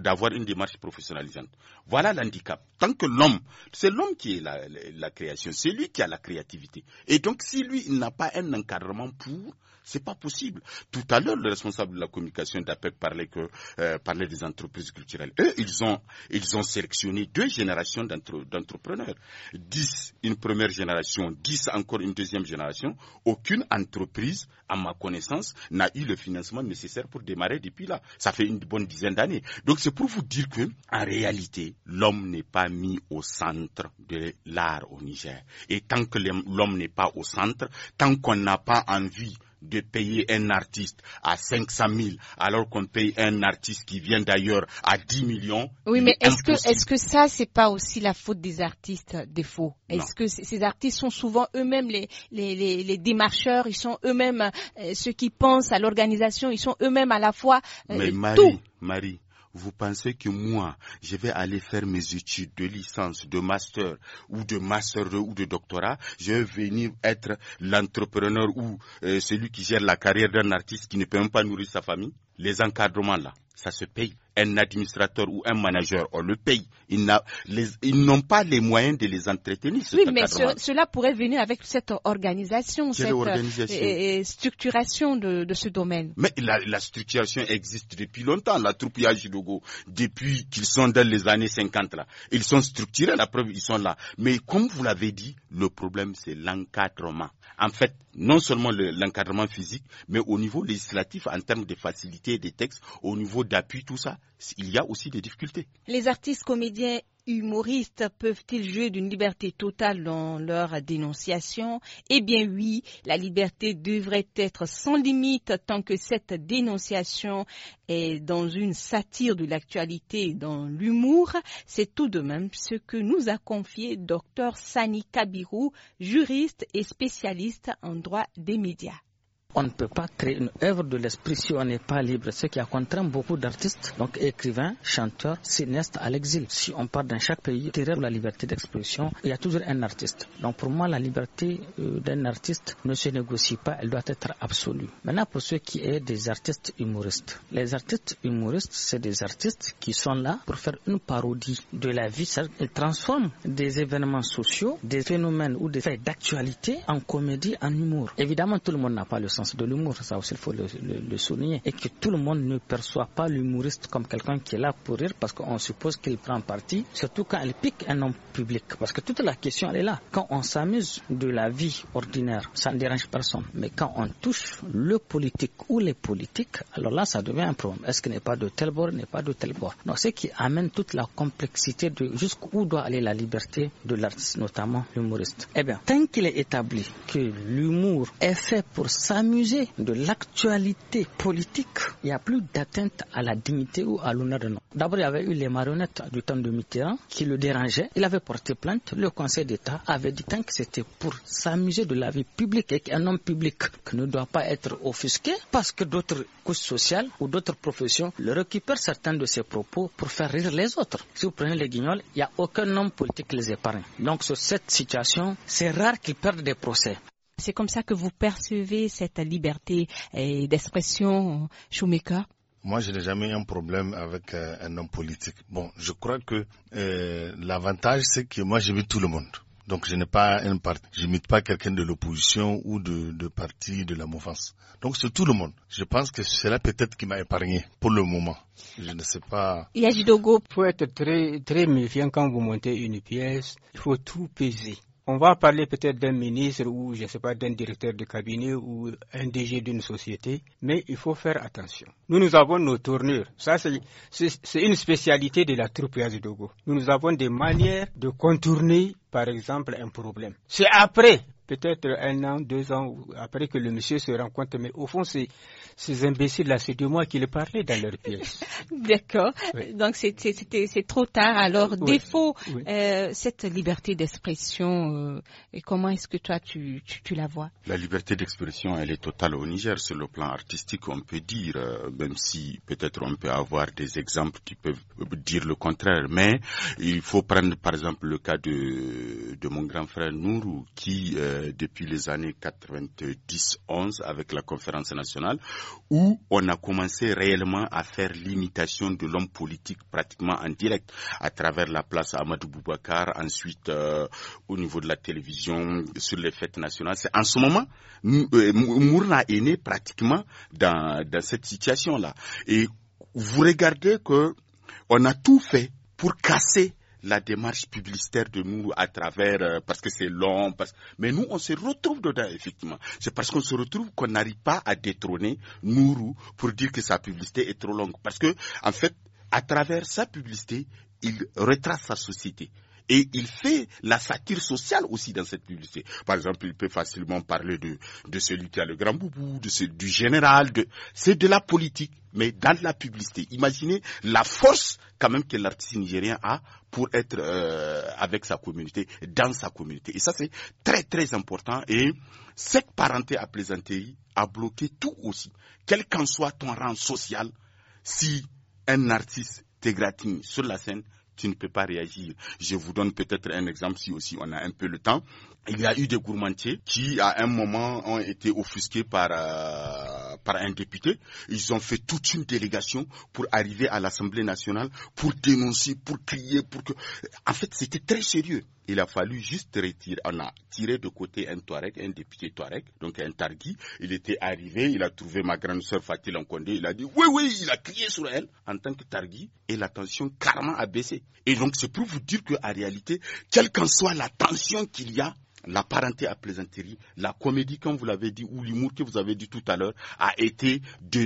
d'avoir une démarche professionnalisante. Voilà l'handicap. Tant que l'homme, c'est l'homme qui est la création, c'est lui qui a la créativité. Et donc si lui, il n'a pas un encadrement pour, c'est pas possible. Tout à l'heure, le responsable de la communication d'APEC parlait que euh, parlait des entreprises culturelles. Eux, ils ont ils ont sélectionné deux générations d'entrepreneurs. Dix, une première génération, dix encore une deuxième génération. Aucune entreprise, à ma connaissance, n'a eu le financement nécessaire pour démarrer depuis là. Ça fait une bonne dizaine d'années. Donc c'est pour vous dire que, en réalité, l'homme n'est pas mis au centre de l'art au Niger. Et tant que l'homme n'est pas au centre, tant qu'on n'a pas envie de payer un artiste à 500 000 alors qu'on paye un artiste qui vient d'ailleurs à 10 millions. Oui, mais est-ce que, est-ce que ça, c'est pas aussi la faute des artistes euh, défauts? Est-ce que ces artistes sont souvent eux-mêmes les, les, démarcheurs, ils sont eux-mêmes euh, ceux qui pensent à l'organisation, ils sont eux-mêmes à la fois euh, mais Marie, vous pensez que moi, je vais aller faire mes études de licence, de master ou de master ou de doctorat, je vais venir être l'entrepreneur ou euh, celui qui gère la carrière d'un artiste qui ne peut même pas nourrir sa famille Les encadrements là, ça se paye un administrateur ou un manager, on le paye. Ils n'ont pas les moyens de les entretenir. Oui, mais cela pourrait venir avec cette organisation, cette euh, structuration de, ce domaine. Mais la, structuration existe depuis longtemps. La troupe Yajidogo, depuis qu'ils sont dans les années 50, là, ils sont structurés, la preuve, ils sont là. Mais comme vous l'avez dit, le problème, c'est l'encadrement. En fait, non seulement l'encadrement physique, mais au niveau législatif, en termes de facilité des textes, au niveau d'appui, tout ça, il y a aussi des difficultés. Les artistes comédiens humoristes peuvent-ils jouer d'une liberté totale dans leur dénonciation Eh bien oui, la liberté devrait être sans limite tant que cette dénonciation est dans une satire de l'actualité, dans l'humour. C'est tout de même ce que nous a confié Dr Sani Kabirou, juriste et spécialiste en droit des médias on ne peut pas créer une œuvre de l'esprit si on n'est pas libre, ce qui a contraint beaucoup d'artistes, donc écrivains, chanteurs, cinéastes à l'exil. Si on part dans chaque pays, tirer la liberté d'expression, il y a toujours un artiste. Donc pour moi, la liberté euh, d'un artiste ne se négocie pas, elle doit être absolue. Maintenant, pour ceux qui est des artistes humoristes, les artistes humoristes, c'est des artistes qui sont là pour faire une parodie de la vie. Ils transforment des événements sociaux, des phénomènes ou des faits d'actualité en comédie, en humour. Évidemment, tout le monde n'a pas le sens de l'humour, ça aussi il faut le, souligner, et que tout le monde ne perçoit pas l'humoriste comme quelqu'un qui est là pour rire parce qu'on suppose qu'il prend parti, surtout quand il pique un homme public, parce que toute la question elle est là. Quand on s'amuse de la vie ordinaire, ça ne dérange personne, mais quand on touche le politique ou les politiques, alors là ça devient un problème. Est-ce qu'il n'est pas de tel bord, n'est pas de tel bord Donc ce qui amène toute la complexité de jusqu'où doit aller la liberté de l'artiste, notamment l'humoriste. Eh bien, tant qu'il est établi que l'humour est fait pour s'amuser, s'amuser de l'actualité politique, il n'y a plus d'atteinte à la dignité ou à l'honneur de nom. D'abord, il y avait eu les marionnettes du temps de Mitterrand qui le dérangeaient. Il avait porté plainte. Le Conseil d'État avait dit tant que c'était pour s'amuser de la vie publique et qu'un homme public ne doit pas être offusqué parce que d'autres couches sociales ou d'autres professions le récupèrent certains de ses propos pour faire rire les autres. Si vous prenez les guignols, il n'y a aucun homme politique qui les épargne. Donc, sur cette situation, c'est rare qu'ils perdent des procès. C'est comme ça que vous percevez cette liberté eh, d'expression, Shoemaker moi, je n'ai jamais eu un problème avec euh, un homme politique. Bon, je crois que euh, l'avantage, c'est que moi, j'imite tout le monde. Donc, je n'ai pas un parti. pas quelqu'un de l'opposition ou de, parti de la mouvance. Donc, c'est tout le monde. Je pense que c'est là peut-être qui m'a épargné pour le moment. Je ne sais pas. Il faut être très, très méfiant quand vous montez une pièce. Il faut tout peser on va parler peut-être d'un ministre ou, je ne sais pas, d'un directeur de cabinet ou un DG d'une société, mais il faut faire attention. Nous, nous avons nos tournures. Ça, c'est une spécialité de la troupe Yazidogo. Nous, nous avons des manières de contourner, par exemple, un problème. C'est après, peut-être un an, deux ans après que le monsieur se rend compte. Mais au fond, ces imbéciles-là, c'est deux moi qui le parlaient dans leur pièce. D'accord. Donc, c'est trop tard. Alors, défaut, euh, cette liberté d'expression, euh, comment est-ce que toi, tu, tu, la vois La liberté d'expression, elle est totale au Niger. Sur le plan artistique, on peut dire, euh, même si peut-être on peut avoir des exemples qui peuvent dire le contraire, mais il faut prendre par exemple le cas de, de mon grand frère Nourou qui... Euh, depuis les années 90-11 avec la conférence nationale, où on a commencé réellement à faire l'imitation de l'homme politique pratiquement en direct à travers la place Amadou Boubacar, ensuite euh, au niveau de la télévision, sur les fêtes nationales. en ce moment, euh, Mourna est né pratiquement dans, dans cette situation-là. Et vous regardez que on a tout fait pour casser la démarche publicitaire de nous à travers, euh, parce que c'est long, parce... mais nous, on se retrouve dedans, effectivement. C'est parce qu'on se retrouve qu'on n'arrive pas à détrôner Mourou pour dire que sa publicité est trop longue. Parce que, en fait, à travers sa publicité, il retrace sa société. Et il fait la satire sociale aussi dans cette publicité. Par exemple, il peut facilement parler de, de celui qui a le grand boubou, de du général, de, c'est de la politique, mais dans la publicité. Imaginez la force quand même que l'artiste nigérien a pour être euh, avec sa communauté, dans sa communauté. Et ça, c'est très, très important. Et cette parenté à plaisanterie a bloqué tout aussi. Quel qu'en soit ton rang social, si un artiste t'égratigne sur la scène, tu ne peux pas réagir. Je vous donne peut-être un exemple si aussi on a un peu le temps. Il y a eu des gourmandiers qui, à un moment, ont été offusqués par... Euh, par un député. Ils ont fait toute une délégation pour arriver à l'Assemblée nationale, pour dénoncer, pour crier, pour que... En fait, c'était très sérieux. Il a fallu juste retirer. On a tiré de côté un Touareg, un député Touareg, donc un Targui. Il était arrivé, il a trouvé ma grande sœur Fatih Lankonde, Il a dit oui, oui, il a crié sur elle en tant que Targui et la tension carrément a baissé. Et donc, c'est pour vous dire qu'en réalité, quelle qu'en soit la tension qu'il y a, la parenté à plaisanterie, la comédie, comme vous l'avez dit, ou l'humour que vous avez dit tout à l'heure, a été de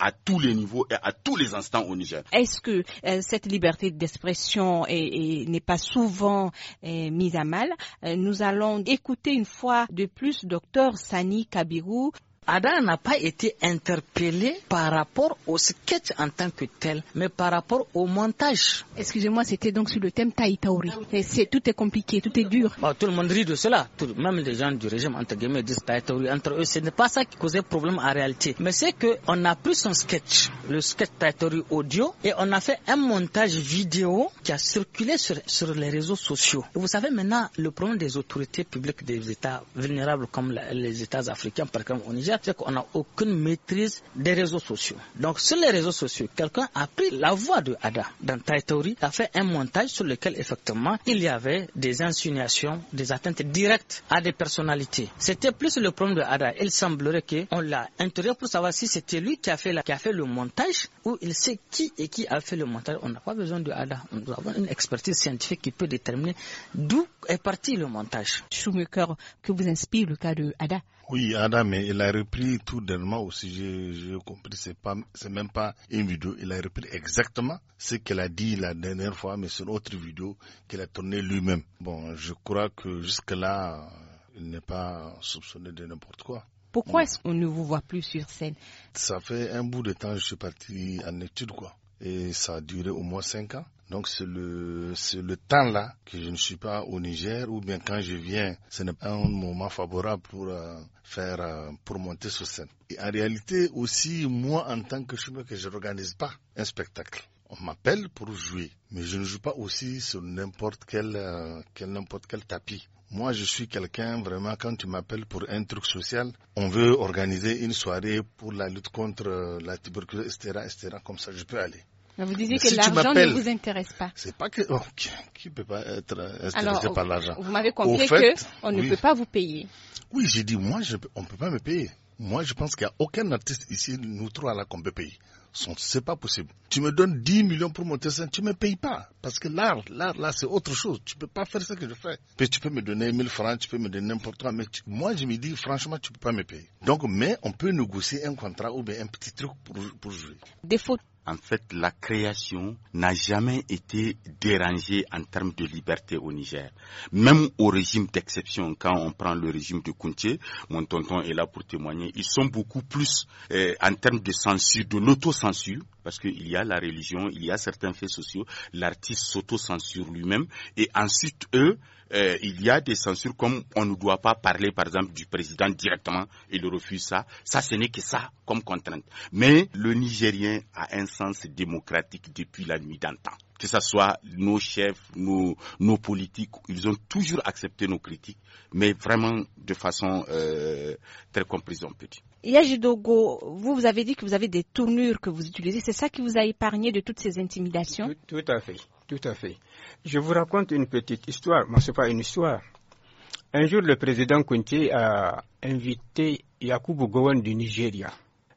à tous les niveaux et à tous les instants au Niger. Est-ce que euh, cette liberté d'expression n'est pas souvent euh, mise à mal euh, Nous allons écouter une fois de plus docteur Sani Kabirou Ada n'a pas été interpellé par rapport au sketch en tant que tel, mais par rapport au montage. Excusez-moi, c'était donc sur le thème Taïtaori. C'est tout est compliqué, tout est dur. tout le monde rit de cela. même les gens du régime entre guillemets disent Taïtaori entre eux. Ce n'est pas ça qui causait problème en réalité. Mais c'est que on a pris son sketch, le sketch Taïtaori audio, et on a fait un montage vidéo qui a circulé sur, sur les réseaux sociaux. vous savez maintenant le problème des autorités publiques des États vulnérables comme les États africains, par exemple au Niger à fait qu'on n'a aucune maîtrise des réseaux sociaux. Donc sur les réseaux sociaux, quelqu'un a pris la voix de Ada dans Taïtori, a fait un montage sur lequel effectivement il y avait des insinuations, des atteintes directes à des personnalités. C'était plus le problème de Ada. Il semblerait qu'on l'a interrogé pour savoir si c'était lui qui a, fait la, qui a fait le montage ou il sait qui et qui a fait le montage. On n'a pas besoin de Ada. Nous avons une expertise scientifique qui peut déterminer d'où est parti le montage. cœur que vous inspire le cas de Ada Oui, Ada, mais il a repris tout dernièrement aussi, j'ai compris, c'est pas, c'est même pas une vidéo, il a repris exactement ce qu'elle a dit la dernière fois, mais sur une autre vidéo qu'elle a tournée lui-même. Bon, je crois que jusque-là, il n'est pas soupçonné de n'importe quoi. Pourquoi est-ce qu'on ne vous voit plus sur scène Ça fait un bout de temps, je suis parti en étude, quoi. Et ça a duré au moins cinq ans. Donc c'est le, temps-là que je ne suis pas au Niger ou bien quand je viens, ce n'est pas un moment favorable pour euh, faire euh, pour monter sur scène. Et en réalité aussi, moi en tant que chômeur, que je n'organise pas un spectacle. On m'appelle pour jouer, mais je ne joue pas aussi sur n'importe quel, euh, quel n'importe quel tapis. Moi, je suis quelqu'un vraiment quand tu m'appelles pour un truc social, on veut organiser une soirée pour la lutte contre la tuberculose, etc., etc. Comme ça, je peux aller. Vous disiez que l'argent ne vous intéresse pas. C'est pas que oh, qui peut pas être euh, intéressé par l'argent. Vous m'avez compris qu'on que on ne peut pas vous payer. Oui, j'ai dit moi je, on peut pas me payer. Moi, je pense qu'il n'y a aucun artiste ici, nous trois la qu'on peut payer. C'est pas possible. Tu me donnes 10 millions pour mon dessin, tu me payes pas. Parce que l'art, l'art, là, c'est autre chose. Tu peux pas faire ce que je fais. mais tu peux me donner 1000 francs, tu peux me donner n'importe quoi. Mais moi, je me dis, franchement, tu peux pas me payer. Donc, mais on peut négocier un contrat ou bien un petit truc pour, pour jouer. Des fautes en fait, la création n'a jamais été dérangée en termes de liberté au Niger. Même au régime d'exception, quand on prend le régime de Kounté, mon tonton est là pour témoigner, ils sont beaucoup plus euh, en termes de censure, de l'autocensure, parce qu'il y a la religion, il y a certains faits sociaux, l'artiste s'autocensure lui-même, et ensuite, eux, euh, il y a des censures comme on ne doit pas parler, par exemple, du président directement, il refuse ça. Ça, ce n'est que ça comme contrainte. Mais le Nigérien a un sens démocratique depuis la nuit d'antan que ce soit nos chefs, nos, nos politiques, ils ont toujours accepté nos critiques, mais vraiment de façon euh, très comprise, en petit. Yajidogo, vous, vous avez dit que vous avez des tournures que vous utilisez. C'est ça qui vous a épargné de toutes ces intimidations tout, à fait, tout à fait. Je vous raconte une petite histoire, mais ce n'est pas une histoire. Un jour, le président Kunti a invité Yakubu Gowon du Nigeria.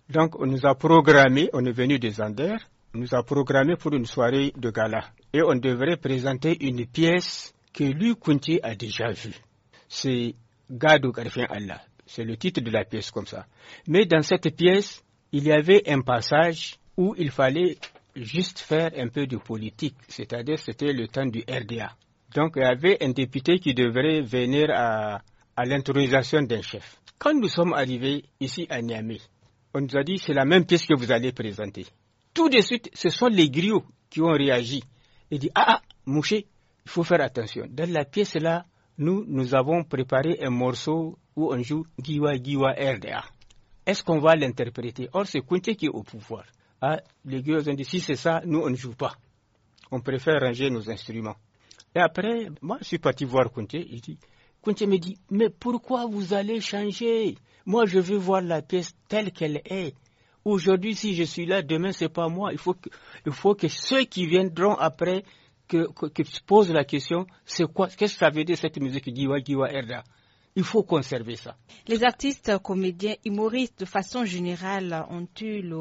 Donc, on nous a programmé, on est venu des Anders, nous a programmé pour une soirée de gala. Et on devrait présenter une pièce que lui, Kunti, a déjà vue. C'est Gado Garfin Allah. C'est le titre de la pièce comme ça. Mais dans cette pièce, il y avait un passage où il fallait juste faire un peu de politique, c'est-à-dire c'était le temps du RDA. Donc il y avait un député qui devrait venir à, à d'un chef. Quand nous sommes arrivés ici à Niamey, on nous a dit c'est la même pièce que vous allez présenter. Tout de suite, ce sont les griots qui ont réagi et dit Ah, ah Mouché, il faut faire attention. Dans la pièce là, nous, nous avons préparé un morceau où on joue Giwa Giwa RDA. Est-ce qu'on va l'interpréter Or, c'est Kunti qui est au pouvoir. Ah, les griots ont dit Si c'est ça, nous, on ne joue pas. On préfère ranger nos instruments. Et après, moi, je suis parti voir Kunti. Il dit me dit Mais pourquoi vous allez changer Moi, je veux voir la pièce telle qu'elle est. Aujourd'hui, si je suis là, demain, ce n'est pas moi. Il faut que, ceux qui viendront après que, que, posent la question, c'est quoi, qu'est-ce que ça veut dire cette musique Giwa Giwa Erda il faut conserver ça. Les artistes, comédiens, humoristes, de façon générale, ont-ils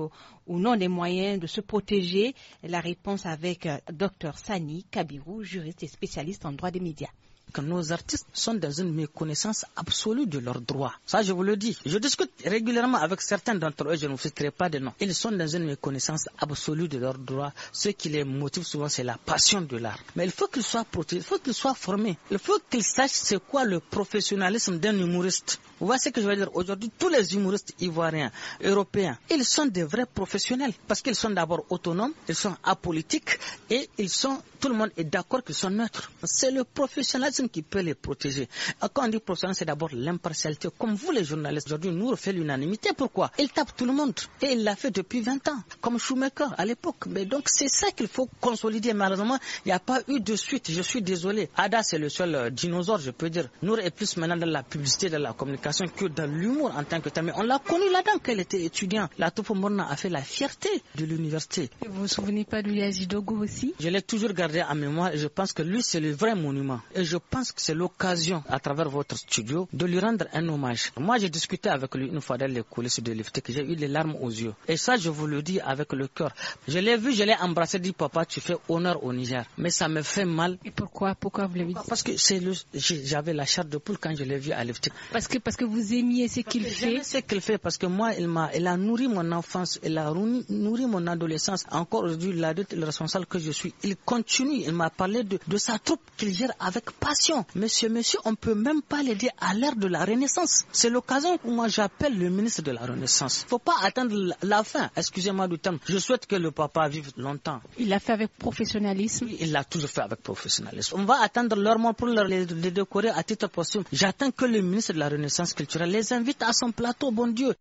ou non les moyens de se protéger La réponse avec euh, Dr Sani Kabiru, juriste et spécialiste en droit des médias que nos artistes sont dans une méconnaissance absolue de leurs droits. Ça, je vous le dis. Je discute régulièrement avec certains d'entre eux, je ne vous citerai pas de nom. Ils sont dans une méconnaissance absolue de leurs droits. Ce qui les motive souvent, c'est la passion de l'art. Mais il faut qu'ils soient protégés, il faut qu'ils soient formés, il faut qu'ils sachent c'est quoi le professionnalisme d'un humoriste voyez ce que je veux dire. Aujourd'hui, tous les humoristes ivoiriens, européens, ils sont des vrais professionnels parce qu'ils sont d'abord autonomes, ils sont apolitiques et ils sont, tout le monde est d'accord qu'ils sont neutres. C'est le professionnalisme qui peut les protéger. Quand on dit professionnel, c'est d'abord l'impartialité. Comme vous, les journalistes, aujourd'hui, nous fait l'unanimité. Pourquoi Il tape tout le monde et il l'a fait depuis 20 ans, comme Schumacher à l'époque. Mais donc, c'est ça qu'il faut consolider. Malheureusement, il n'y a pas eu de suite. Je suis désolé. Ada, c'est le seul euh, dinosaure, je peux dire. Nous est plus maintenant dans la publicité, dans la communication que dans l'humour en tant que tel. Mais on l'a connu là-dedans qu'elle était étudiante. La Topo Morna a fait la fierté de l'université. Vous vous souvenez pas de Yazidogo aussi Je l'ai toujours gardé en mémoire et je pense que lui, c'est le vrai monument. Et je pense que c'est l'occasion, à travers votre studio, de lui rendre un hommage. Moi, j'ai discuté avec lui une fois dans les coulisses de l'IFT que j'ai eu les larmes aux yeux. Et ça, je vous le dis avec le cœur. Je l'ai vu, je l'ai embrassé, dit papa, tu fais honneur au Niger. Mais ça me fait mal. Et pourquoi Pourquoi vous l'avez dit Parce que c'est le... j'avais la chair de poule quand je l'ai vu à l'IFT. Parce que, parce que que vous aimiez ce qu'il fait ce qu'il fait parce que moi, il m'a, il a nourri mon enfance, il a nourri mon adolescence. Encore aujourd'hui, l'adulte, le responsable que je suis, il continue. Il m'a parlé de, sa troupe qu'il gère avec passion. Monsieur, monsieur, on peut même pas l'aider à l'ère de la Renaissance. C'est l'occasion où moi j'appelle le ministre de la Renaissance. Faut pas attendre la fin. Excusez-moi du terme. Je souhaite que le papa vive longtemps. Il l'a fait avec professionnalisme. Il l'a toujours fait avec professionnalisme. On va attendre leur mort pour les décorer à titre possible J'attends que le ministre de la Renaissance les invite à son plateau, bon Dieu.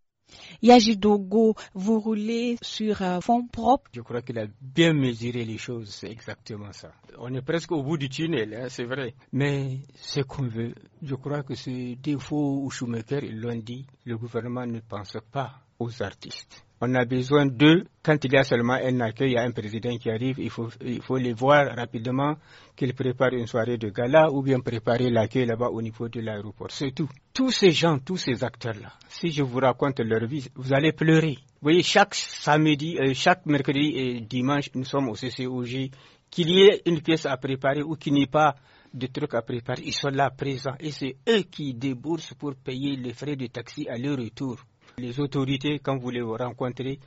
Yajidogo, vous roulez sur un fond propre. Je crois qu'il a bien mesuré les choses, c'est exactement ça. On est presque au bout du tunnel, hein, c'est vrai. Mais ce qu'on veut. Je crois que c'est défaut, Schumacher, ils l'ont dit, le gouvernement ne pense pas aux artistes. On a besoin d'eux. Quand il y a seulement un accueil, il y a un président qui arrive, il faut, il faut les voir rapidement, qu'ils préparent une soirée de gala ou bien préparer l'accueil là-bas au niveau de l'aéroport. C'est tout. Tous ces gens, tous ces acteurs-là, si je vous raconte leur vie, vous allez pleurer. Vous voyez, chaque samedi, euh, chaque mercredi et dimanche, nous sommes au CCOG. Qu'il y ait une pièce à préparer ou qu'il n'y ait pas de truc à préparer, ils sont là présents et c'est eux qui déboursent pour payer les frais de taxi à leur retour les autorités, quand vous les rencontrez,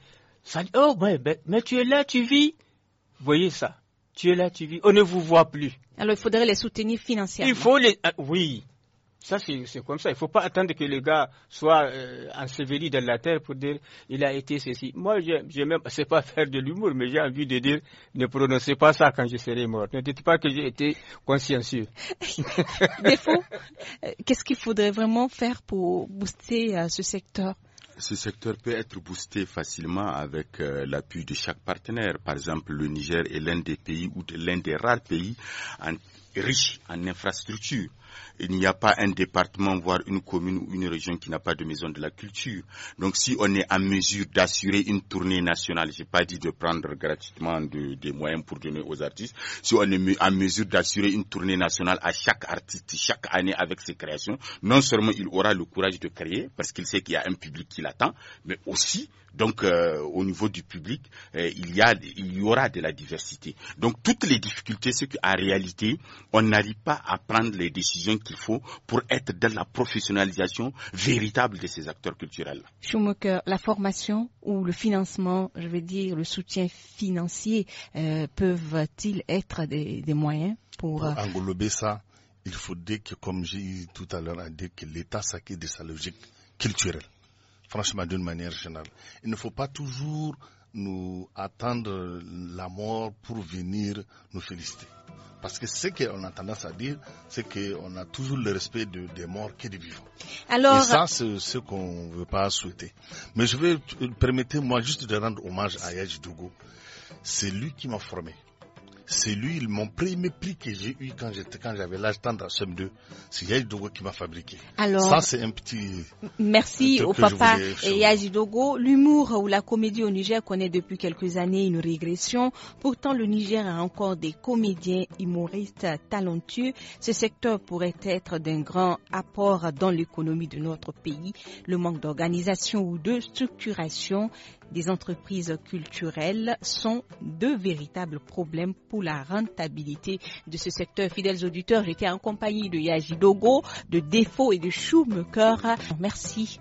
ça dit, oh, mais, tu es là, tu vis. Voyez ça. Tu es là, tu vis. On ne vous voit plus. Alors, il faudrait les soutenir financièrement. Il faut les. Ah, oui. Ça, c'est comme ça. Il ne faut pas attendre que le gars soit euh, enseveli dans la terre pour dire il a été ceci. Moi, je même, c'est pas faire de l'humour, mais j'ai envie de dire ne prononcez pas ça quand je serai mort. Ne dites pas que j'ai été consciencieux. Euh, qu'est-ce qu'il faudrait vraiment faire pour booster euh, ce secteur ce secteur peut être boosté facilement avec euh, l'appui de chaque partenaire. Par exemple, le Niger est l'un des pays ou l'un des rares pays riches en infrastructures il n'y a pas un département, voire une commune ou une région qui n'a pas de maison de la culture. Donc si on est en mesure d'assurer une tournée nationale, j'ai pas dit de prendre gratuitement des moyens pour donner aux artistes, si on est en mesure d'assurer une tournée nationale à chaque artiste, chaque année avec ses créations, non seulement il aura le courage de créer, parce qu'il sait qu'il y a un public qui l'attend, mais aussi donc, euh, au niveau du public, euh, il, y a, il y aura de la diversité. Donc, toutes les difficultés, c'est en réalité, on n'arrive pas à prendre les décisions qu'il faut pour être dans la professionnalisation véritable de ces acteurs culturels. la formation ou le financement, je veux dire le soutien financier, euh, peuvent-ils être des, moyens pour... Euh, englober ça il faut dès que, comme j'ai tout à l'heure dit, que l'État s'acquitte de sa logique culturelle. Franchement, d'une manière générale. Il ne faut pas toujours nous attendre la mort pour venir nous féliciter. Parce que ce qu'on a tendance à dire, c'est qu'on a toujours le respect des morts que des vivants. Et ça, c'est ce qu'on ne veut pas souhaiter. Mais je vais, permettez-moi juste de rendre hommage à Yaj Dougou. C'est lui qui m'a formé. C'est lui, mon premier prix que j'ai eu quand j'étais, quand j'avais l'âge tendre à CM2, c'est Dogo qui m'a fabriqué. Alors. Ça, c'est un petit. Merci au papa Yajidogo. L'humour ou la comédie au Niger connaît depuis quelques années une régression. Pourtant, le Niger a encore des comédiens humoristes talentueux. Ce secteur pourrait être d'un grand apport dans l'économie de notre pays. Le manque d'organisation ou de structuration des entreprises culturelles sont de véritables problèmes pour la rentabilité de ce secteur. Fidèles auditeurs, j'étais en compagnie de Yaji de Défaut et de Schumacher. Merci.